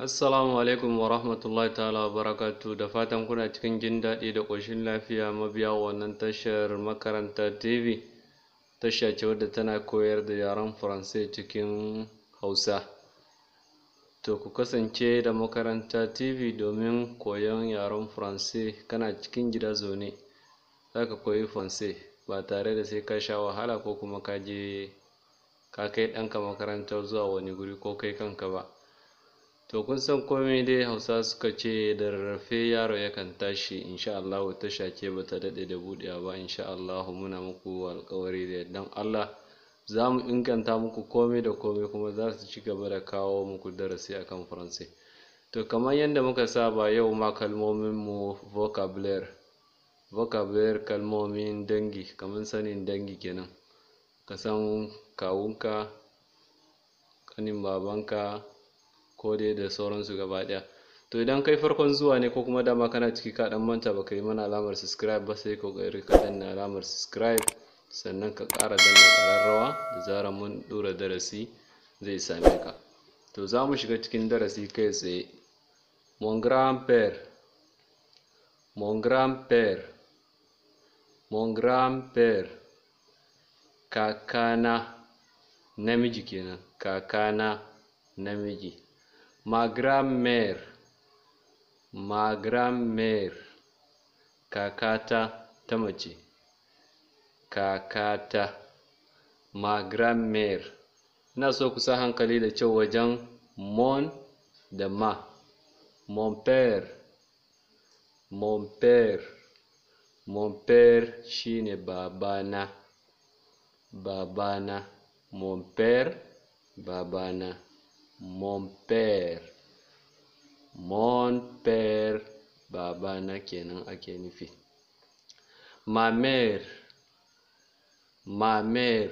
Assalamu alaikum wa rahmatullahi ta'ala wa barakatu da fatan kuna cikin jin daɗi da ƙoshin lafiya mabiya wannan tashar makaranta TV tasha ce wadda tana koyar da yaren Faransai cikin Hausa to ku kasance da makaranta TV domin koyon yaren Faransai kana cikin gida zaune za ka koyi Faransai ba tare da sai ka sha wahala ko kuma ka je ka kai ɗanka makaranta zuwa wani guri ko kai kanka ba to kun san komai dai hausa suka ce da rarrafe yaro yakan tashi insha Allah ta shake ba ta daɗe da buɗewa ba insha Allah muna muku alƙawari da yardan Allah za mu inganta muku komai da komai kuma za su ci gaba da kawo muku darasi akan faransai to kamar yadda muka saba yau ma kalmomin mu vocabulary vocabulary kalmomin dangi kamar sanin dangi kenan ka san kawunka kanin babanka ko dai da sauransu gaba ɗaya to idan kai farkon zuwa ne ko kuma dama kana ciki ka ɗan manta baka yi mana alamar subscribe ba sai kokari ka danna alamar subscribe sannan ka ƙara danna kararrawa da zarar mun ɗora darasi zai same ka to za mu shiga cikin darasi kai tsaye mon grand père mon grand père mon grand père kakana namiji kenan kakana namiji Ma grand-mère, ma grand-mère, kakata ta mace, kakata, ma grand-mère. Ina so ku sa hankali da kyau wajen mon da ma. Mon père, mon père, mon père shine babana, babana, mon père, babana. mon père mon père babana kenan ake nufi ma mère ma mère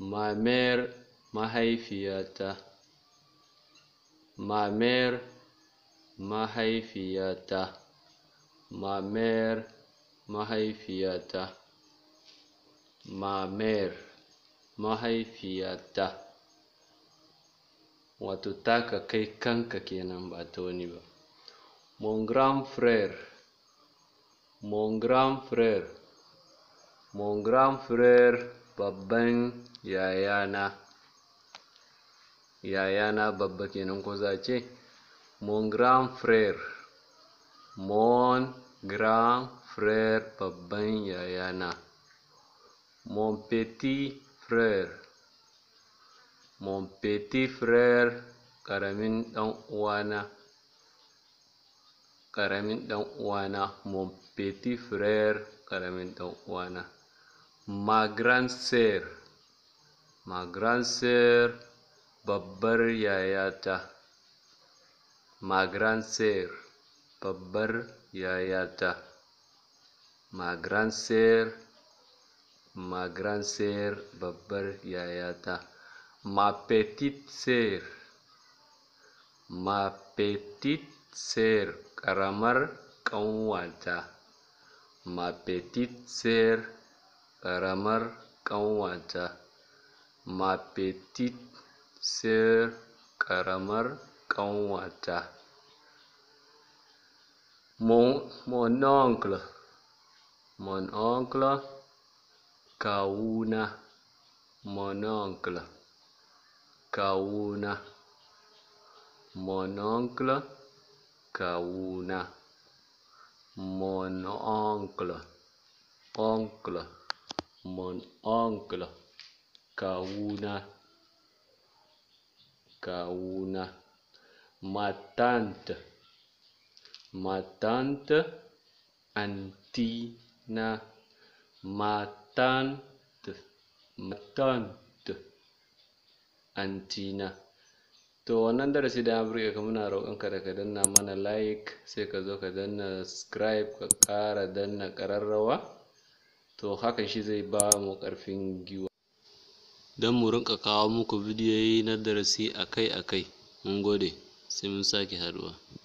ma mère mahaifiyata ma mère mahaifiyata ma mère mahaifiyata ma mère mahaifiyata wato taka kai kanka kenan ba ta wani ba mon grand frère mon grand frère mon grand frère babban yayana yayana babba kenan ko za ce mon grand frère mon grand frère babban yayana mon petit frère Mon petit frère ƙaramin ɗan'uwana ƙaramin ɗan'uwana mon petit frère ƙaramin ɗan'uwana ma grande sœur ma grande sœur babbar yayata ma grande sœur babbar yayata ma grande sœur ma grande sœur babbar yayata Ma petite sœur. Ma petite sœur ƙaramar ƙanwata. Ma petite sœur ƙaramar ƙanwata. Ma petite sœur ƙaramar ƙanwata. Mon, mon oncle. Mon oncle. Kawuna. Mon oncle. kawuna mon oncle kawuna mon oncle oncle mon oncle kawuna kawuna ma tante ma tante antina ma tante ma tante antina to wannan darasi da burge ka muna roƙonka da ka danna mana like sai ka zo ka danna subscribe ka ƙara danna ƙararrawa to hakan shi zai ba mu ƙarfin giwa don mu rinka kawo muku bidiyoyi na darasi akai-akai mun gode sai mun sake haduwa.